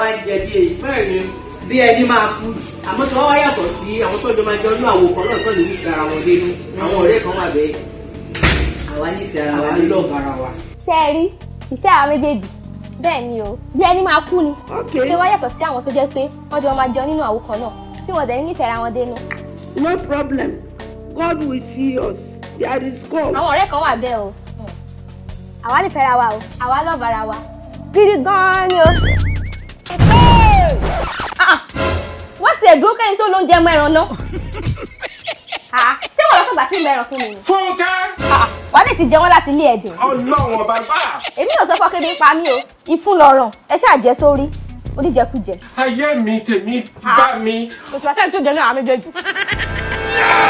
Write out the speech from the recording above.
wá ń jẹ bí èyí. bẹ́ẹ̀ni bí ẹni máa kú. àmọ́ tí wọ́n wá yàtọ̀ sí àwọn tó jọ máa jọ inú àwo kan tó lè ní ìkara wọn dénú àwọn ọ̀rẹ́ kan wà bẹ́ẹ̀ àwa nífẹ̀ẹ́ ara wa nílò ọ̀gára wa. ṣé ẹ rí ìfẹ́ àwọn méjèèjì bẹ́ẹ̀ ni o bí ẹni máa kú ni. ṣé wọ́n yàtọ̀ sí àwọn tó jẹ́ pé wọ́n jọ máa jọ nínú àwo kan náà tí wọ́n dẹ̀ nífẹ̀ẹ́ ara wọn dénú. no problem God will see us there is God. àwọn ọ̀rẹ́ kan wà bẹ́ẹ̀ o àwa nífẹ̀ẹ́ ra wa o àwa lọ́ọ̀bàra wa gidi gan-an ni o. tiẹ̀ dúró kẹ́ni tó lóúnjẹ mọ ẹran náà ah, ṣé wọn lọ sọgbà tí ń bẹ̀rẹ̀ fún mi fúnkẹ́. Ah, wọ́n lè ti jẹ láti ilé ẹ̀dùn. ọlọ́run ọba bá. èmi ò sọ fọ́ kébi pa mí o ìfun lọ́rọ̀ ẹ ṣáà jẹ sórí oníjẹkújẹ. ayé mi tèmi ah. bá mi. kò sí tó jẹ náà àmì bẹ́ẹ̀ jù.